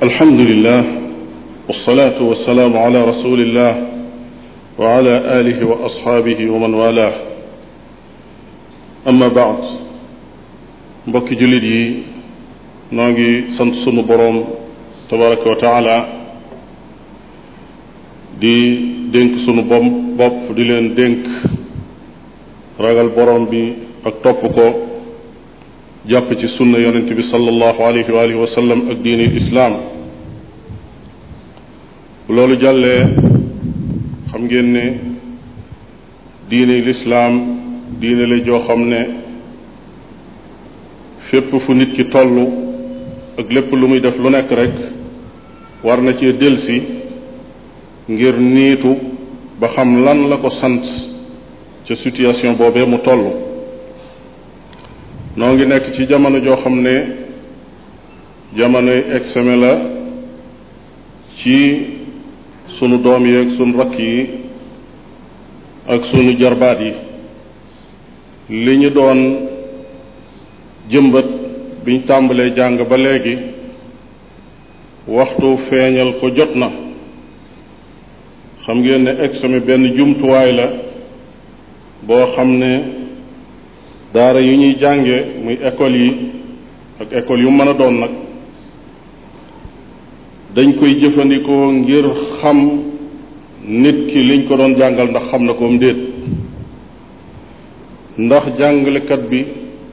alhamdulilah walsalaatu walsalaamu ala rasulillah wa ala alihi wa asxaabihi wa man walah amma baad mbokki jullit yi noo ngi sant sunu boroom tabaraka wa taala di dénk sunu bopp di leen dénk ragal boroom bi ak topp ko jàpp ci sunna yonent bi sallallahu alayhi wa alihi wa sallam ak diini islaam loolu jàllee xam ngeen ne diini lislaam diine la joo xam ne fépp fu nit ki toll ak lépp lu muy def lu nekk rek war na cee delsi ngir niitu ba xam lan la ko sant ca situation boobee mu toll noo ngi nekk ci jamono joo xam ne jamonoy examen la ci sunu doom yi ak sunu rakk yi ak sunu jarbaat yi li ñu doon jëmbat biñ tàmbalee jàng ba léegi waxtu feeñal ko jot na xam ngeen ne examen benn jumtuwaay la boo xam ne daara yu ñuy jànge muy école yi ak école yu mën a doon nag dañ koy jëfandikoo ngir xam nit ki liñ ko doon jàngal ndax xam na koom déet ndax jàngalekat bi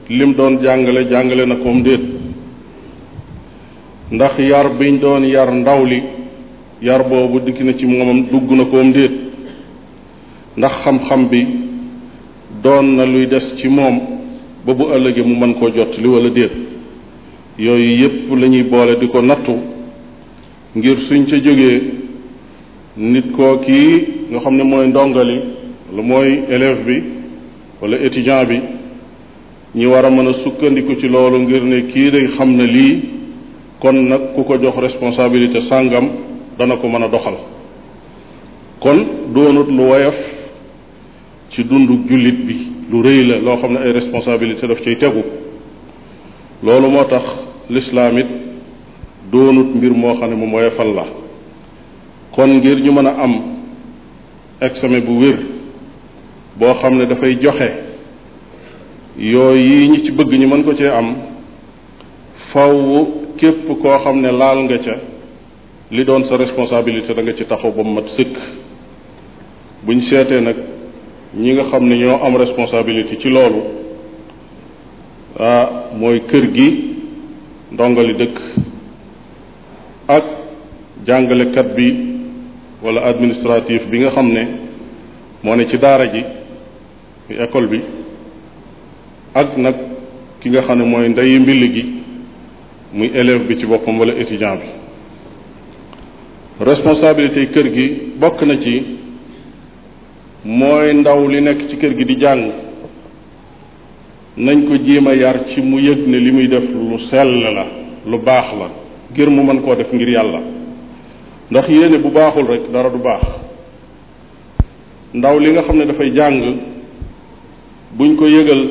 lim doon jàngale jàngale na koom déet ndax yar biñ doon yar ndaw li yar boobu dikk na ci moomam dugg na koom déet ndax xam-xam bi doon na luy des ci moom ba bu ëllëgee mu mën koo jot li wala déet yooyu yépp la ñuy boole di ko nattu ngir suñ ca jógee nit koo kii nga xam ne mooy ndongali wala mooy élève bi wala étudiant bi ñi war a mën a sukkandiku ci loolu ngir ne kii day xam ne lii kon nag ku ko jox responsabilité sàngam dana ko mën a doxal kon doonut lu woyof ci dundu jullit bi lu rëy la loo xam ne ay responsabilité daf cay tegu loolu moo tax lislaamit it doonut mbir moo xam ne mu moyefal la kon ngir ñu mën a am examen bu wér boo xam ne dafay joxe yooyu ñi ci bëgg ñu mën ko cee am faw képp koo xam ne laal nga ca li doon sa responsabilité da nga ci taxaw ba mu mat sëkk buñ seetee nag ñi nga xam ne ñoo am responsabilité ci loolu ah mooy kër gi ndongali dëkk ak jàngalekat bi wala administratif bi nga xam ne moo ne ci daara ji muy école bi ak nag ki nga xam ne mooy ndeyu mbill gi muy élève bi ci boppam wala étudiant bi responsabilité kër gi bokk na ci mooy ndaw li nekk ci kër gi di jàng nañ ko jéem a yar ci mu yëg ne li muy def lu sell la lu baax la ngir mu mën koo def ngir yàlla ndax yéene bu baaxul rek dara du baax ndaw li nga xam ne dafay jàng buñ ko yëgal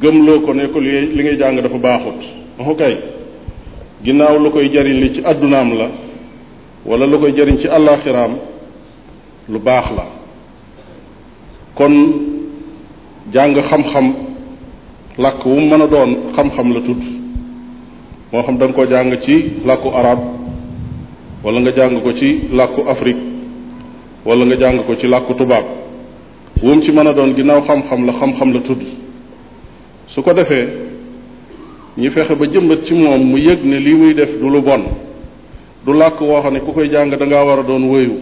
gëmloo ko ne ko li ngay jàng dafa baaxut axu ginnaaw lu koy jariñ li ci àddunaam la walla lu koy jariñ ci àllaaxiraam lu baax la kon jàng xam-xam làkk wu mën a doon xam-xam la tudd moo xam da nga ko jàng ci làkku arab walla nga jàng ko ci làkku afrig wala nga jàng ko ci làkku tubaab wu ci mën a doon ginnaaw xam-xam la xam-xam la tudd su ko defee ñi fexe ba jëmbat ci moom mu yëg ne lii muy def du lu bon du làkk woo xam ne ku koy jàng da war a doon wéyu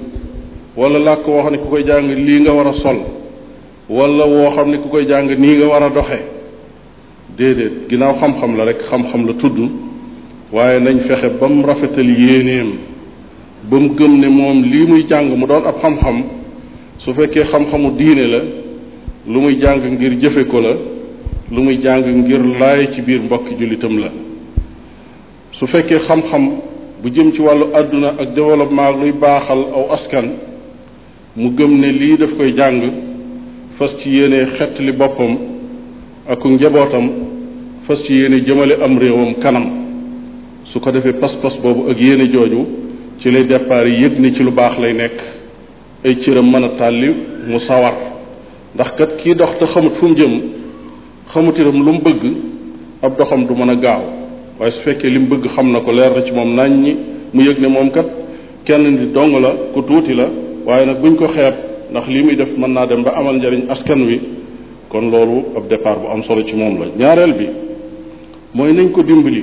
walla làkk woo xam ne ku koy jàng lii nga war a sol walla woo xam ne ku koy jàng nii nga war a doxee déedéet ginnaaw xam-xam la rek xam-xam la tudd waaye nañ fexe ba mu rafetal yéeneem ba mu gëm ne moom lii muy jàng mu doon ab xam-xam su fekkee xam-xamu diine la lu muy jàng ngir jëfe ko la lu muy jàng ngir laay ci biir mbokki jullitam la su fekkee xam-xam bu jëm ci wàllu àdduna ak développement luy baaxal aw askan mu gëm ne lii daf koy jàng fas ci yéene li boppam ak njabootam fas ci yéene jëmale am réewam kanam su ko defee pas-pas boobu ak yéene jooju ci lay départ yi yëg ni ci lu baax lay nekk ay cëram mën a tàlli mu sawar ndax kat kii dox te xamut fu jëm xamut itam lu mu bëgg ab doxam du mën a gaaw waaye su fekkee li mu bëgg xam na ko leer na ci moom nañ ñi mu yëg ne moom kat kenn nit dong la ku tuuti la waaye nag buñ ko xeeb ndax lii muy def mën naa dem ba amal njariñ askan wi kon loolu ab depart bu am solo ci moom la ñaareel bi mooy nañ ko dimbali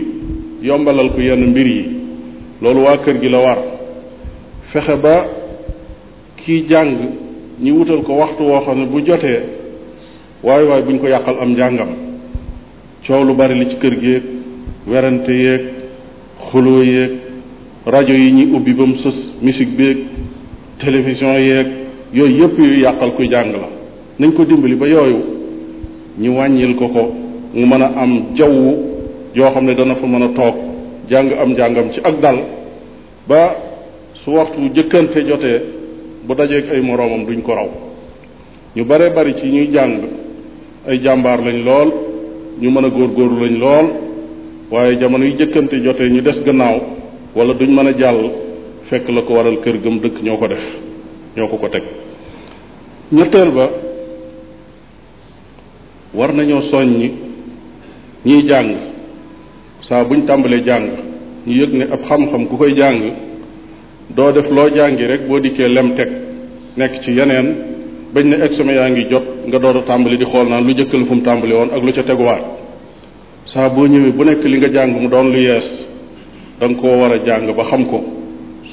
yombalal ko yenn mbir yi loolu waa kër gi la war fexe ba ki jàng ñi wutal ko waxtu woo xam ne bu jotee waay waay buñ ko yàqal am njàngam coow lu bari li ci kër gi werante yeeg xuloo yeeg rajo yi ñuy ubbi ba mu sës musique beeg télévision yeeg yooyu yëpp yu yàqal kuy jàng la nañ ko dimbali ba yooyu ñu wàññil ko ko mu mën a am jaww yoo xam ne dana fa mën a toog jàng am jàngam ci ak dal ba su waxtu jëkkante jotee bu dajeeg ay moroomam duñ ko raw ñu bare bari ci ñuy jàng ay jàmbaar lañ lool ñu mën a góor lañ lool waaye jamono yu jëkkante jotee ñu des gannaaw wala duñ mën a jàll fekk la ko waral kër gëm dëkk ñoo ko def ñoo ko ko teg ñetteel ba war nañoo soññ ñiy jàng saa buñ tàmbalee jàng ñu yëg ne ab xam-xam ku koy jàng doo def loo jàngi rek boo dikkee lem teg nekk ci yeneen bañ ne examen yaa ngi jot nga door tàmbali di xool naan lu jëkkal fu mu tàmbali woon ak lu ca teguwaat saa boo ñëwee bu nekk li nga jàng mu doon lu yees da nga koo war a jàng ba xam ko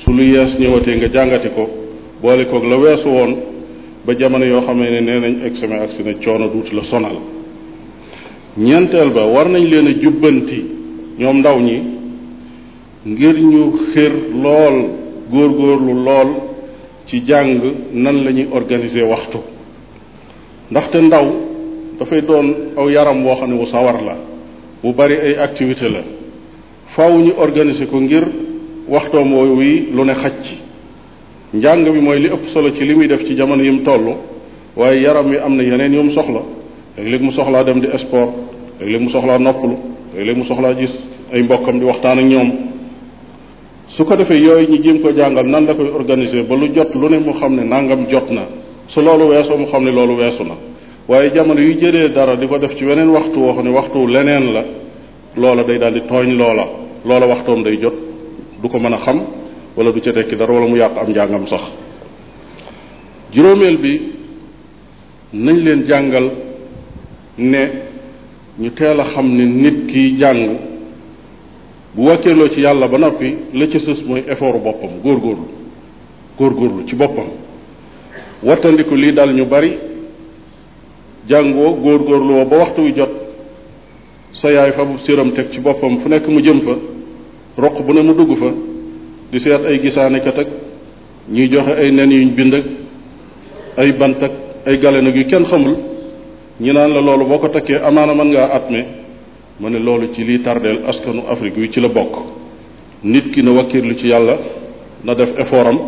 su lu yees ñëwatee nga jàngati ko boole koog la weesu woon ba jamono yoo xam ne nee nañ examen agsi na coono duuti la sonal ñeenteel ba war nañ leen jubbanti ñoom ndaw ñi ngir ñu xër lool góorgóorlu lool ci jàng nan la ñuy organiser waxtu ndaxte ndaw dafay doon aw yaram woo xam ne wu sawar la bu bari ay activité la faaw ñu organiser ko ngir waxtoom woowu yi lu ne xaj ci njàng mi mooy li ëpp solo ci li muy def ci jamono yi mu toll waaye yaram wi am na yeneen yu soxla léeg-léeg mu soxlaa dem di sport léeg-léeg mu soxlaa noppalu léeg-léeg mu soxlaa gis ay mbokkam di waxtaan ak ñoom su ko defee yooyu ñu jéem ko jàngal nan la koy organiser ba lu jot lu ne mu xam ne nangam jot na su loolu weesoo mu xam ne loolu weesu na waaye jamono yu jëlee dara di ko def ci weneen waxtu woo xam ne waxtu leneen la loola day daal di tooñ loola loola waxtoom day jot du ko mën a xam wala du ca tekki dara wala mu yàq am njàngam sax juróomeel bi nañ leen jàngal ne ñu teel a xam ni nit ki jàng bu wàkkeeloo ci yàlla ba noppi la ca sës mooy efooru boppam góor góor góorgóorlu ci boppam wattandiku lii dal ñu bari jàngoo góorgóorluwoo ba waxtu wi jot sa yaay fabu siram teg ci boppam fu nekk mu jëm fa roq bu ne mu dugg fa di seet ay gisaanekat ak ñuy joxe ay nen yuñ bind ak ay bant ak ay galen ak yu kenn xamul ñi naan la loolu boo ko takkee amaana man ngaa at me ma ne loolu ci liy tardeel askanu Afrique wi ci la bokk nit ki na wakkirlu ci yàlla na def effort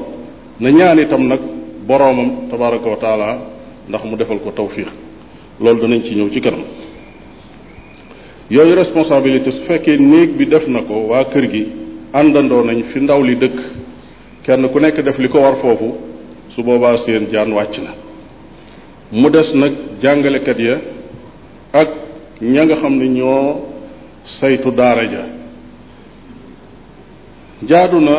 na ñaan itam nag boroomam tabaraka wa ndax mu defal ko tawfiq loolu danañ ci ñëw ci kanam yooyu responsabilité su fekkee néeg bi def na ko waa kër gi àndandoo nañ fi ndaw li dëkk kenn ku nekk def li ko war foofu su boobaa seen jaan wàcc na mu des nag jàngalekat ya ak ña nga xam ne ñoo saytu daara ja jaadu na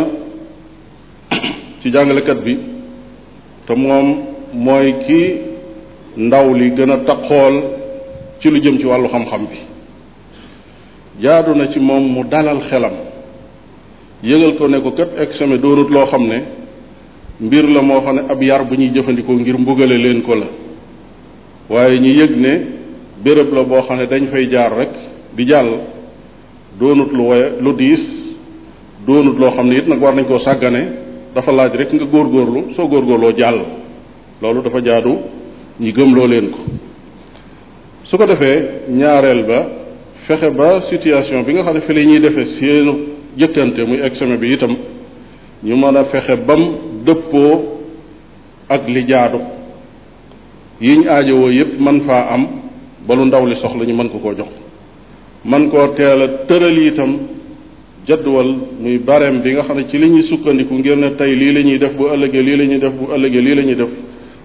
ci jàngalekat bi te moom mooy ki ndaw li gën a taqool ci lu jëm ci wàllu xam-xam bi jaadu na ci moom mu dalal xelam yëgal ko ne ko kat examen doonut loo xam ne mbir la moo xam ne ab yar bu ñuy jëfandikoo ngir mbugale leen ko la waaye ñu yëg ne béréb la boo xam ne dañ fay jaar rek di jàll doonut lu woye lu diis doonut loo xam ne it nag war nañ koo sàggane dafa laaj rek nga góor góorlu soo góorgóorloo jàll loolu dafa jaadu ñi gëmloo leen ko su ko defee ñaareel ba fexe ba situation bi nga xam ne fi la ñuy defee seenu jëkkante muy examen bi itam ñu mën a fexe bam dëppoo ak li jaadu yiñ aajowoo yépp man faa am ba ndaw li soxla ñu mën ko koo jox mën koo teel tëral yi itam jadwal muy barem bi nga xam ne ci li ñuy sukkandiku ngir ne tey lii la ñuy def bu ëllëgee lii la ñuy def bu ëllëgee lii la ñuy def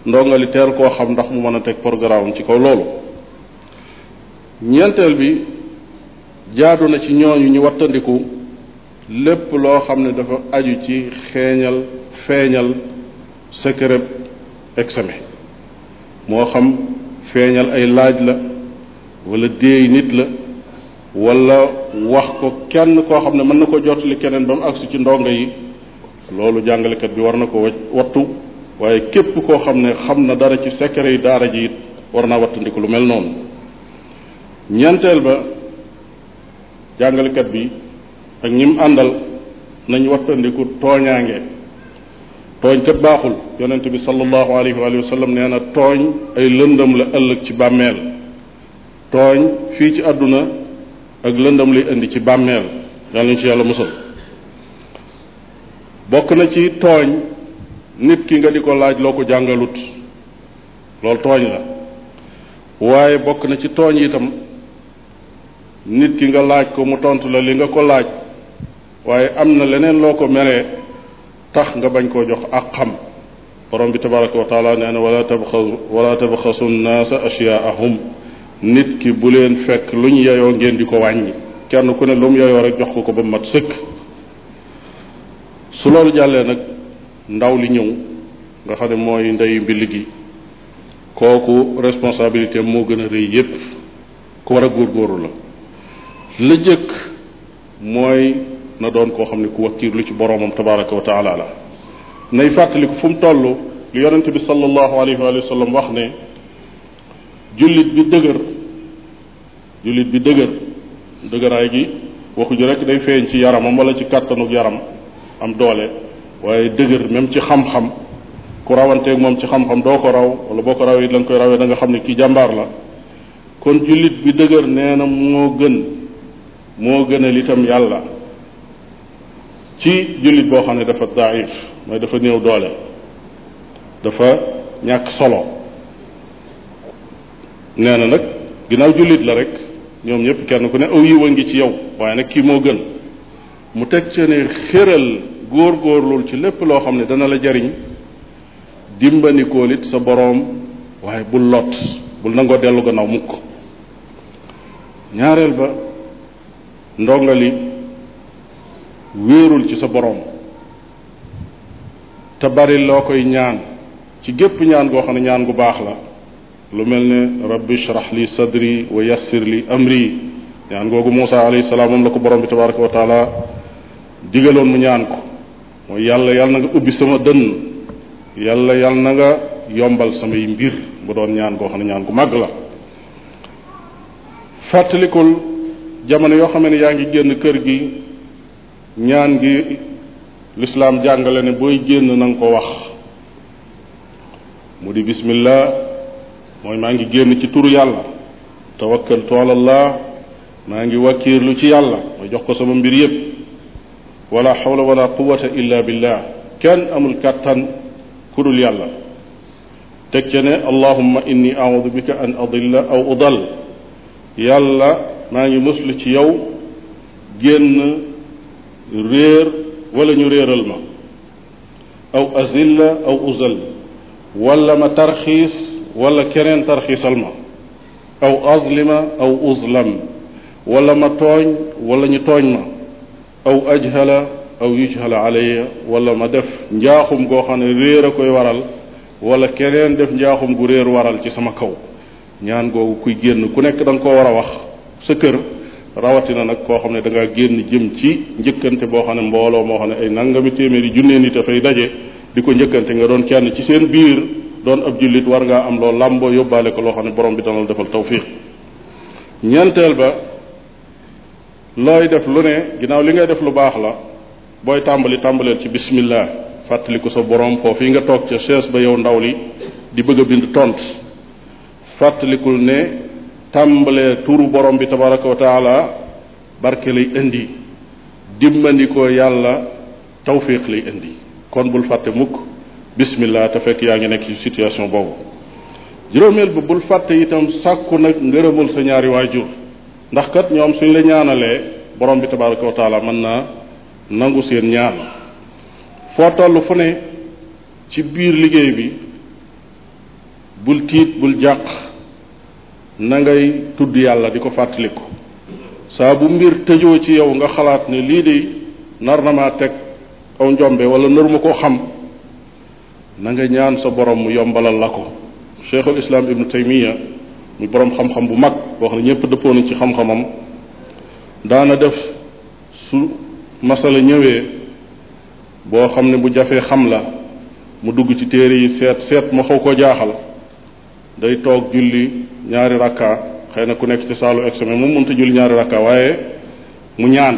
ndongali teel koo xam ndax mu mën a teg programme ci kaw loolu ñeenteel bi jaadu na ci ñooñu ñu wattandiku lépp loo xam ne dafa aju ci xeeñal feeñal sa kërëb examen moo xam feeñal ay laaj la wala déey nit la wala wax ko kenn koo xam ne mën na ko jottali keneen ba mu agsi ci ndongo yi loolu jàngalekat bi war na ko wattu waaye képp koo xam ne xam na dara ci secret yi daara ji war naa wattandiku lu mel noonu ñeenteel ba jàngalekat bi ak ñim àndal nañ wattandiku tooñaange tooñ kat baaxul yonente bi sallallahu alayhi wa sallam nee na tooñ ay lëndëm la ëllëg ci bàmmeel tooñ fii ci àdduna ak lëndëm lay indi ci bàmmeel yàlla ñu ci yàlla musal bokk na ci tooñ nit ki nga di ko laaj loo ko jàngalut loolu tooñ la waaye bokk na ci tooñ itam nit ki nga laaj ko mu tontu la li nga ko laaj waaye am na leneen loo ko meree tax nga bañ koo jox ak xam borom bi tabaraka wa taala nee na wala tabxasu wala tabxasu nnaasa asyaahum nit ki bu leen fekk lu ñu yeyoo ngeen di ko wàññi kenn ku ne lu mu yeyoo jox ko ko ba mat sëkk su loolu jàllee nag ndaw li ñëw nga xam ne mooy ndeyu mbill gi kooku responsabilité moo gën a rëy yépp ku war a góorgóorlu la la jëkk mooy na doon koo xam ne ku lu ci boroomam tabaraka wa taala la nay fàttaliku fu mu toll lu yonente bi sallallahu alayhi wax ne jullit bi dëgër jullit bi dëgër dëgëraay gi waxuñu rek day feeñ ci yaramam wala ci kàttanuk yaram am doole waaye dëgër même ci xam-xam ku rawanteeg moom ci xam-xam doo ko raw wala boo ko rawee it koy rawee danga xam ne kii jàmbaar la kon jullit bi dëgër nee na moo gën moo gënal itam yàlla ci jullit boo xam ne dafa daif mooy dafa néew doole dafa ñàkk solo nee na nag ginnaaw jullit la rekk ñoom ñëpp kenn ku ne aw yiw a ngi ci yow waaye nag kii moo gën mu teg ca ne xéral góor góorlul ci lépp loo xam ne dana la jariñ dimbanikool it sa boroom waaye bul lot bul nangoo dellu gannaaw mukk ñaareel ba ndongo li wéerul ci sa boroom te bari loo koy ñaan ci gépp ñaan goo xam ne ñaan gu baax la lu mel ni rabbi shrah li sadri wa yassir li amri ñaan googu Muusa alayhi salaam moom la ko borom bi tabaraka wa taala digaloon mu ñaan ko moo yàlla yàlla na nga ubbi sama dënn yàlla yàlla na nga yombal samay mbir bu doon ñaan goo xam ne ñaan gu màgg la fàttalikul jamono yoo xam ne yaa ngi génn kër gi ñaan gi lislaam jàngale ne booy génn na ko wax mu di bismillah mooy maa ngi génn ci turu yàlla tawakkaltu ala la maa ngi wakkiirlu ci yàlla mooy jox ko sama mbir yépp wala xawla wala quwata illa billah kenn amul kàttan kudul yàlla teg ca ne allahumma inni audu bika an adilla aw udal yàlla maa ngi muslu ci yow génn réer walla ñu réeral ma aw azilla aw uzal walla ma tarxiis wala keneen tarxiisal ma aw azlima aw uzlam wala ma tooñ walla ñu tooñ ma aw ajhala aw yujhala alayya wala ma def njaaxum goo xam ne réer a koy waral wala keneen def njaaxum gu réer waral ci sama kaw ñaan googu kuy génn ku nekk da koo war a wax sa kër rawatina nag koo xam ne da ngaa génn jëm ci njëkkante boo xam ne mbooloo moo xam ne ay nangami téeméeri junnee nit dafay daje di ko njëkkante nga doon kenn ci seen biir doon ab jullit war ngaa am loo làmboo yóbbaale ko loo xam ne borom bi dana la defal tawfiq ñeenteel ba looy def lu ne ginnaaw li ngay def lu baax la booy tàmbali tàmbaleel ci bismillah fàttaliku sa borom foofu yi nga toog ca chaise ba yow ndaw li di bëgg a bind tont fàttalikul ne tàmbalee tuuru borom bi tabaraka wa barke lay indi dimbandikoo yàlla tawfiq lay indi kon bul fàtte mukk bismillah te fekk yaa ngi nekk ci situation boobu juróomeel bi bul fàtte itam sàkku nag ngërëmul sa ñaari waajur ndax kat ñoom suñ la ñaanalee borom bi tabaraka wa mën naa nangu seen ñaan foo toll fu ne ci biir liggéey bi bul tiit bul jàq na ngay tudd yàlla di ko fàttaliku saa bu mbir tëjoo ci yow nga xalaat ne lii de nar na maa teg aw njombe wala naruma koo xam nanga ñaan sa borom mu yombalal la ko cheikhul islam ibnu taymiya muy borom xam-xam bu mag boo xam ne ñëpp dëppoo ci xam-xamam daana def su masala ñëwee boo xam ne bu jafee xam la mu dugg ci téere yi seet seet ma xaw koo jaaxal day toog julli ñaari rakka xëy na ku nekk ci saalu examen moom mënta julli ñaari rakka waaye mu ñaan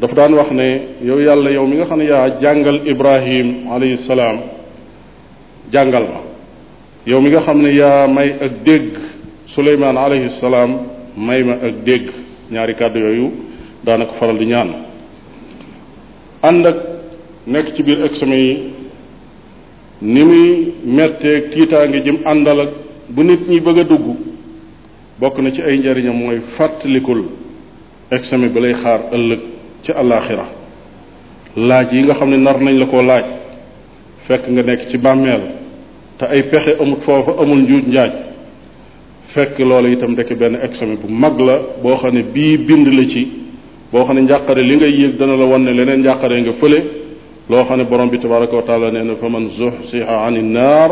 dafa daan wax ne yow yàlla yow mi nga xam ne yaa jàngal ibrahim alayhi salaam jàngal ma yow mi nga xam ne yaa may ak dégg suleymaan alayhi may ma ak dégg ñaari kàddu yooyu daanaka faral di ñaan ànd ak nekk ci biir examen yi ni muy metteeg tiitaange jëm àndal ak bu nit ñi bëgg a dugg bokk na ci ay njariñam mooy fàttalikul examen bi lay xaar ëllëg ci àllaaxira laaj yi nga xam ne nar nañ la koo laaj fekk nga nekk ci bàmmeel te ay pexe amut foofa amul njuuj njaaj fekk loolu itam ndekki benn examen bu mag la boo xam ne bii bind la ci boo xam ne njàqare li ngay yëg dana la wan ne leneen njàqare nga fële loo xam ne borom bi tabaraka wa taala nee na fa man zuxsiha an innaar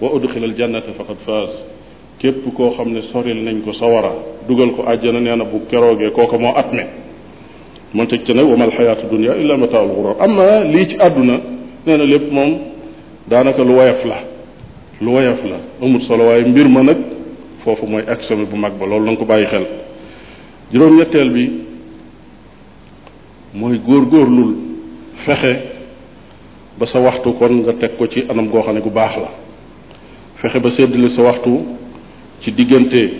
wa udxila aljannata faqad faas képp koo xam ne soril nañ ko sawara dugal ko àjjana nee na bu keroogee kooka moo at me moo teg ca nag wamal xayaatu dunia illa mataaul xuróor amma lii ci àdduna nee na lépp moom daanaka lu woyof la lu woyof la amul solo waaye mbir ma nag foofu mooy examen bu mag ba loolu na ko bàyyi xel juróom-ñetteel bi mooy góor-góorlul fexe ba sa waxtu kon nga teg ko ci anam goo xam ne gu baax la fexe ba séddale sa waxtu ci diggante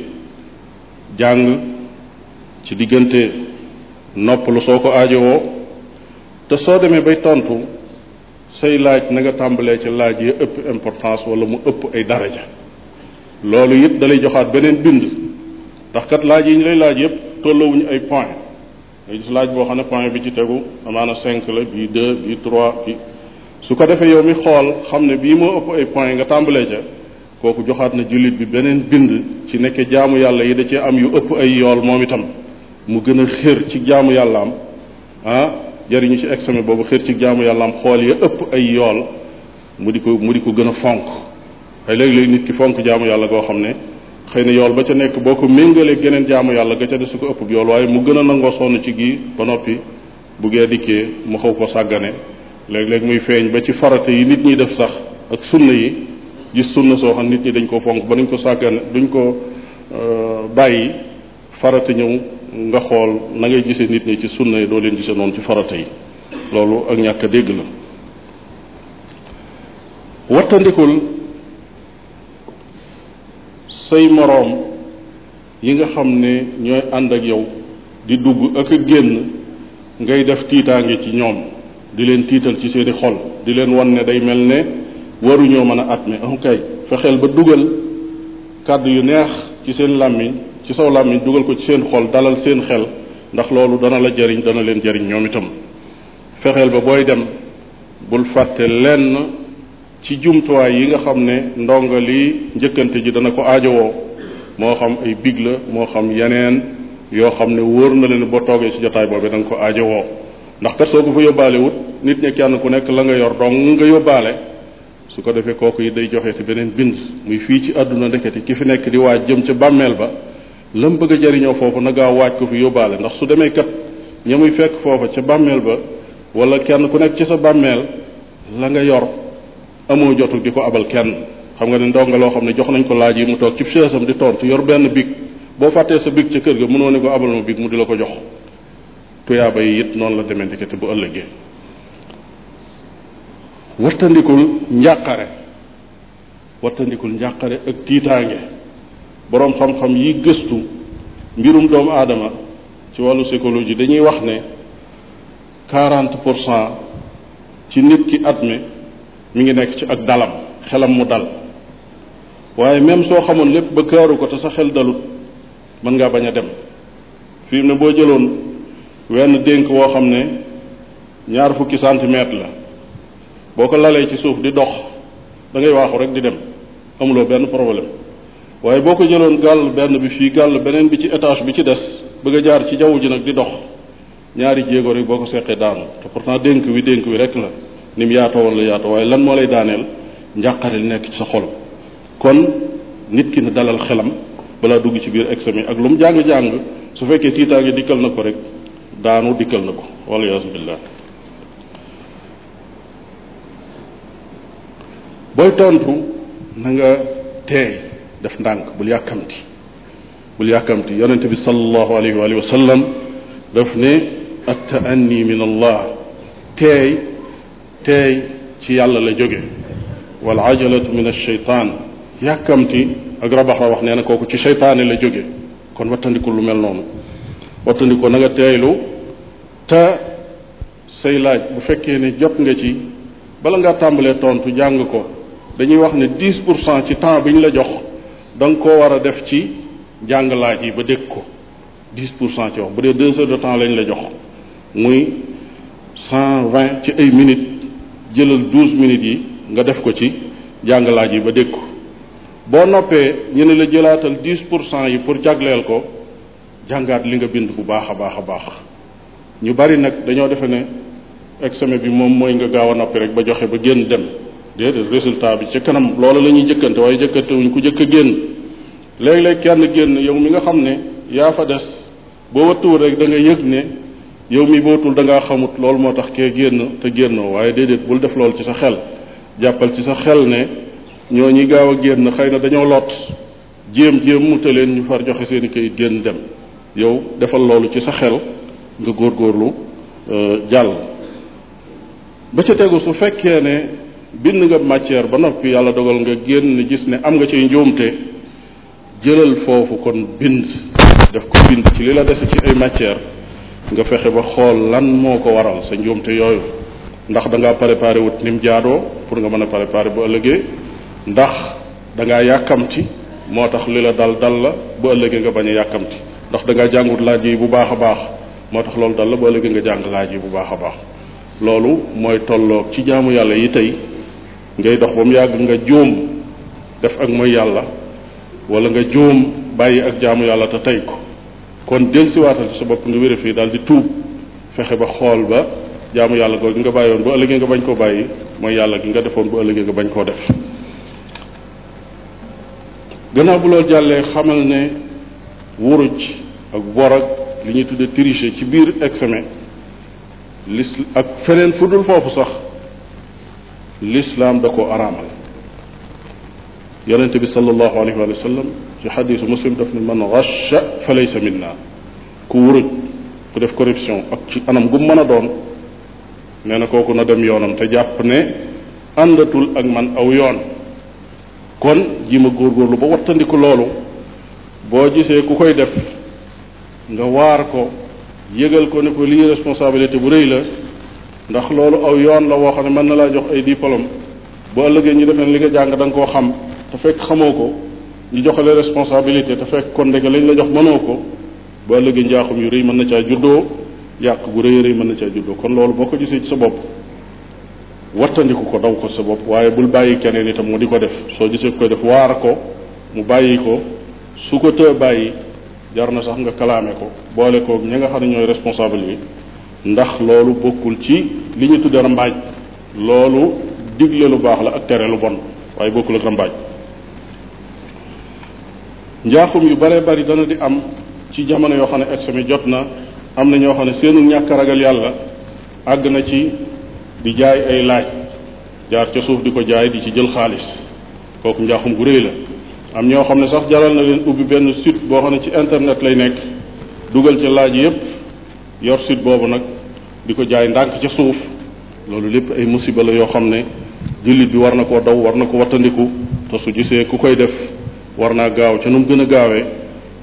jàng ci diggante noppalu soo ko aajowoo te soo demee bay tontu say laaj na nga tàmbalee ci laaj yi ëpp importance wala mu ëpp ay daraja loolu it dalay joxaat beneen bind ndax kat laaj yi ñu lay laaj yëpp tolloowuñu ay point nga gis laaj boo xam ne point bi ci tegu amaana cinq la bii deux su ko defee yow mi xool xam ne bii moo ëpp ay point nga tàmbalee ca kooku joxaat na jullit bi beneen bind ci nekke jaamu yàlla yi da cee am yu ëpp ay yool moom itam mu gën a xër ci jaamu yàllaam ah jariñu ci examen boobu xër ci jaamu am xool ya ëpp ay yool mu di ko mu di ko gën a fonk ay léeg-léeg nit ki fonk jaamu yàlla goo xam ne xëy na yool ba ca nekk boo ko méngalee geneen jaamu yàlla ga ca des su ëpp yool waaye mu gën a nangoo sonn ci gii ba noppi bu gee dikkee mu xaw ko sàggane léegi léeg muy feeñ ba ci farata yi nit ñi def sax ak sunna gis sunna soo xam nit ñi dañ koo fonk ba duñ ko sàggane duñ ko euh, bàyyi farata ñëw nga xool nangay ngay nit ñi ci sunna doo leen gisee noonu ci farata yi loolu ak ñàkk dégg la wattandikul say moroom yi nga xam ne ñooy ànd ak yow di dugg ak a génn ngay def tiitaange ci ñoom di leen tiital ci seeni xol di leen wan ne day mel ne waruñoo mën a admet am ah, kay fexeel ba dugal kàddu yu neex ci seen làmmiñ ci saw làmmiñ dugal ko ci seen xol dalal seen xel ndax loolu dana la jariñ dana leen jariñ ñoom itam fexeel ba booy dem bul fàtte lenn ci jumtuwaay yi nga xam ne ndongo li njëkkante ji dana ko aajo aajowoo moo xam ay big la moo xam yeneen yoo xam ne wóor na leen boo toogee ci jotaay boobu danga ko aajowoo ndax kat soo ko fa yóbbaale wut nit ñi kenn ku nekk la nga yor dong nga yóbbaale su ko defee kooku yi day joxe ci beneen bind muy fii ci àdduna ndekete ki fi nekk di waaj jëm ca bàmmeel ba la mu bëgg a jariñoo foofu na gaaw waaj ko fi yóbbaale ndax su demee kat ña muy fekk foofa ca bàmmeel ba wala kenn ku nekk ci sa bàmmeel la nga yor amoo jotul di ko abal kenn xam nga ne ndonga loo xam ne jox nañ ko laaj yi mu toog ci seesam di tontu yor benn big boo fàttee sa big ca kër ga mënoo ne ko abal ma big mu di la ko jox tuyaaba yi it noonu la demee ndekete bu ëllëgee wattandikul njàqare wattandikul njàqare ak tiitaange boroom xam-xam yi gëstu mbirum doomu aadama ci wàllu psychologie dañuy wax ne quarante pour cent ci nit ki at mi mi ngi nekk ci ak dalam xelam mu dal waaye même soo xamoon lépp ba kaaru ko te sa xel dalut mën ngaa bañ a dem fii mu ne boo jëloon wenn dénk woo xam ne ñaar fukki centimètre la boo ko lalee ci suuf di dox da ngay waaxu rek di dem amuloo benn problème waaye boo ko jëloon gàll benn bi fii gàll beneen bi ci étage bi ci des bëgg a jaar ci jaww ji nag di dox ñaari jéego rek boo ko seqee daanu te pourtant dénk wi dénk wi rek la ni mu yaatoo woon la waaye lan moo lay daaneel njàqare li nekk ci kon nit ki na dalal xelam balaa dugg ci biir examen ak lu mu jàng-jàng su fekkee tiitaange dikkal na ko rek daanu dikkal na ko wala yaasu billah booy tontu na nga teey def ndànk bul yàkkamti bul yàkkamti yonente bi salallahu alayhi wa alihi wa sallam daf ne at min allah teey teey ci yàlla la jóge wal ajalatu min alcheytaan yàkkamti ak rabax rabax nee na kooku ci seytaane la jóge kon wattandiku lu mel noonu wattandiku na nga teeylu te say laaj bu fekkee ni jot nga ci bala ngaa tàmbalee tontu jàng ko dañuy wax ne dix pour cent ci temps bi ñu la jox da nga koo war a def ci jàngalaaj yi ba dégg ko dix pour cent ci wax bu dee deux heures de temps lañu la jox muy cent ci ay minutes jëlal douze minutes yi nga def ko ci jàngalaaj yi ba dégg ko boo noppee ñu ne la jëlaatal dix pour cent yi pour jagleel ko jàngaat li nga bind bu baax a baax a baax ñu bari nag dañoo defe ne examen bi moom mooy nga gaaw a noppi rek ba joxe ba génn dem déedéet résultat bi ci kanam loola la ñuy jëkkante waaye jëkkante wuñ ku jëkk a génn léeg-léeg kenn génn yow mi nga xam ne yaa fa des boo wattuwul rek da yëg ne yow mi bootul da ngaa xamut loolu moo tax kee génn te génnoo waaye déedéet bul def loolu ci sa xel jàppal ci sa xel ne ñoo ñi gaaw a génn xëy na dañoo lot jéem jéem mu te leen ñu far joxe seen i kayit génn dem yow defal loolu ci sa xel nga góorgóorlu euh, jàll ba ca tegu su fekkee ne bind nga matière ba noppi yàlla dogal nga génn gis ne am nga ciy njuumte jëlal foofu kon bind def ko bind ci li la dese ci ay matière nga fexe ba xool lan moo ko waral sa njuumte yooyu ndax da ngaa préparé wut ni mu jaadoo pour nga mën a préparé bu ëllëgee ndax dangaa yàkkamti moo tax li la dal dal la bu ëllëgee nga bañ yàkkamti ndax da ngaa jàngut laaj yi bu baax a baax moo tax loolu dal la bu ëllëgee nga jàng laaj yi bu baax a baax loolu mooy tolloog ci jaamu yàlla yi tey ngay dox ba mu yàgg nga juum def ak mooy yàlla wala nga juum bàyyi ak jaamu yàlla te tey ko kon dellusiwaatal ci sa bopp nga wérifie daal di tuub fexe ba xool ba jaamu yàlla googu nga bàyyoon bu ëllëgee nga bañ koo bàyyi mooy yàlla gi nga defoon bu ëllëgee nga bañ koo def gannaaw bu loolu jàllee xamal ne wuruj ak bor li ñuy tuddee tricher ci biir examen lis ak feneen fu dul foofu sax lislaam da koo araamal yonente bi sallallahu alayhi wa sallam ci xadisu muslim daf ne man ghasha fa laysa minna ku wuruj ku def corruption ak ci anam gu mën a doon nee na kooku na dem yoonam te jàpp ne àndatul ak man aw yoon kon ji ma góorgóorlu ba wattandiku loolu boo gisee ku koy def nga waar ko yëgal ko ne ko lii responsabilité bu rëy la ndax loolu aw yoon la woo xam ne mën na laa jox ay diplôme bu ëllëgee ñu defee li nga jàng danga nga koo xam te fekk xamoo ko ñu joxale responsabilité te fekk kon ndeke lañ la jox mënoo ko bu ëllëgee njaaxum yu rëy mën na caa juddoo yàq gu rëy rëy mën na caa juddoo kon loolu boo ko gisee ci sa bopp wattandiku ko daw ko sa bopp waaye bul bàyyi keneen itam mu di ko def soo gisee koy def waar ko mu bàyyi ko su ko tee bàyyi jar na sax nga kalaame ko boole koog ñi nga xam ne ñooy responsable yi ndax loolu bokkul ci li ñu tudde rambaaj loolu digle lu baax la ak tere lu bon waaye bokkul ak rambaaj njaaxum yu bare bari dana di am ci jamono yoo xam ne examen jot na am na ñoo xam ne seenu ñàkk ragal yàlla àgg na ci di jaay ay laaj jaar ca suuf di ko jaay di ci jël xaalis kooku njaaxum gu réy la am ñoo xam ne sax jaral na leen ubbi benn sit boo xam ne ci internet lay nekk dugal ca laaj yépp yor site boobu nag di ko jaay ndànk ca suuf loolu lépp ay musiba la yoo xam ne jullit bi war na koo daw war na ko wattandiku te su gisee ku koy def war naa gaaw ca nu mu gën a gaawee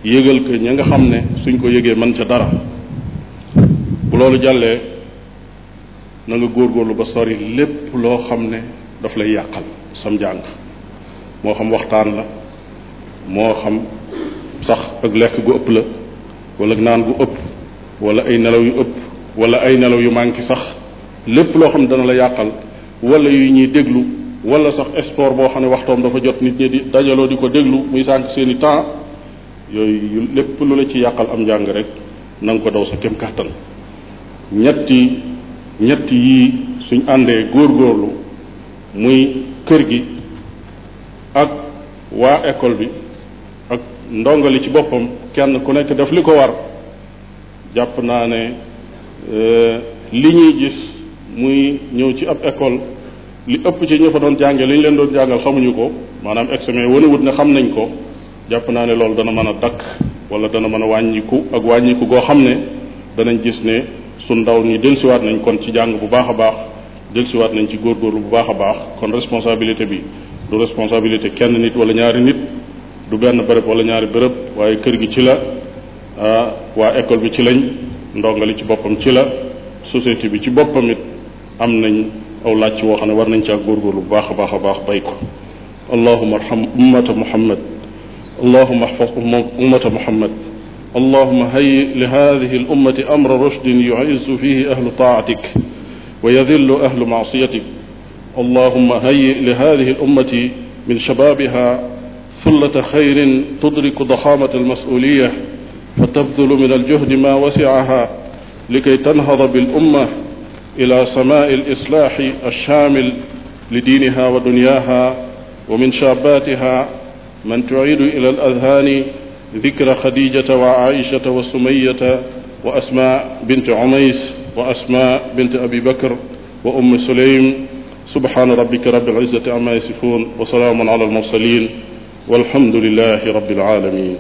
yëgal ko ña nga xam ne suñ ko yëgee mën ca dara bu loolu jàllee na góor góorlu ba sori lépp loo xam ne daf lay yàqal sam jàng moo xam waxtaan la moo xam sax ak lekk gu ëpp la wala naan gu ëpp wala ay nelaw yu ëpp wala ay nelaw yu manqué sax lépp loo xam ne dana la yàqal wala yu ñuy déglu wala sax sport boo xam ne waxtoom dafa jot nit ñi di dajaloo di ko déglu muy sànq seen i temps yooyu lépp lu la ci yàqal am njàng rek na ko daw sa kem kàttan ñetti ñetti yii suñ àndee góor góorlu muy kër gi ak waa école bi ak ndongo li ci boppam kenn ku nekk def li ko war jàpp naa ne euh, li ñuy gis muy ñëw ci ab école li ëpp ci ñi fa doon jàngee li ñu leen doon jàngal xamuñu ko maanaam examen wanewut ne xam nañ ko jàpp naa ne loolu dana mën a dakk wala dana mën a wàññiku ak wàññiku goo xam ne danañ gis ne su ndaw ñi dellusiwaat nañ kon ci jàng bu baax a baax dellusiwaat nañ ci góor góorgóorlu bu baax a baax kon responsabilité bi du responsabilité kenn nit wala ñaari nit du benn bërëb wala ñaari bërëb waaye kër gi ci la Ah, waa école bi ci lañ ndongali ci boppam ci la société bi ci boppam it am nañ aw laaj woo xam ne war nañ caa góorgóorlu bu baax a baax a baax bay ko allahuma arham ummata muhammad allahuma ahfaz ummata muhammad allahuma hayyi li hadihi al ummati amra rushdin yuizu fihi ahlu taatik wa yadillu ahlu maasiyatik allahuma hayyi li hadihi al ummati min shababiha sullata xayrin tudriku daxaamata almasuliya فتبذل من الجهد ما وسعها لكي تنهض بالأمة إلى سماء الإصلاح الشامل لدينها ودنياها ومن شاباتها من تعيد إلى الأذهان ذكر خديجة وعائشة وسمية وأسماء بنت عميس وأسماء بنت أبي بكر وأم سليم سبحان ربك رب العزة عما يصفون وسلام على المرسلين والحمد لله رب العالمين